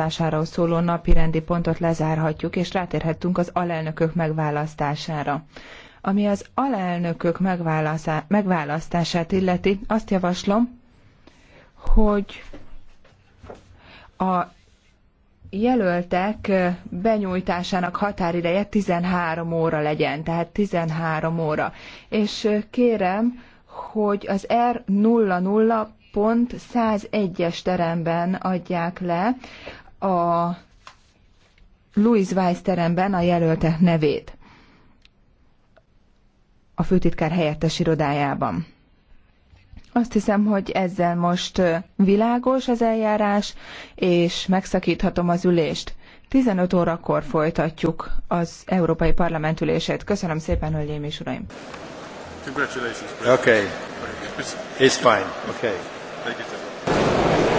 megválasztásáról szóló napi rendi pontot lezárhatjuk, és rátérhetünk az alelnökök megválasztására. Ami az alelnökök megválasztását illeti, azt javaslom, hogy a jelöltek benyújtásának határideje 13 óra legyen, tehát 13 óra. És kérem, hogy az R00 pont 101-es teremben adják le a Louis Weiss teremben a jelölte nevét a főtitkár helyettes irodájában. Azt hiszem, hogy ezzel most világos az eljárás, és megszakíthatom az ülést. 15 órakor folytatjuk az Európai Parlament ülését. Köszönöm szépen, hölgyeim és uraim! Congratulations. Okay. It's fine. Okay. Thank you.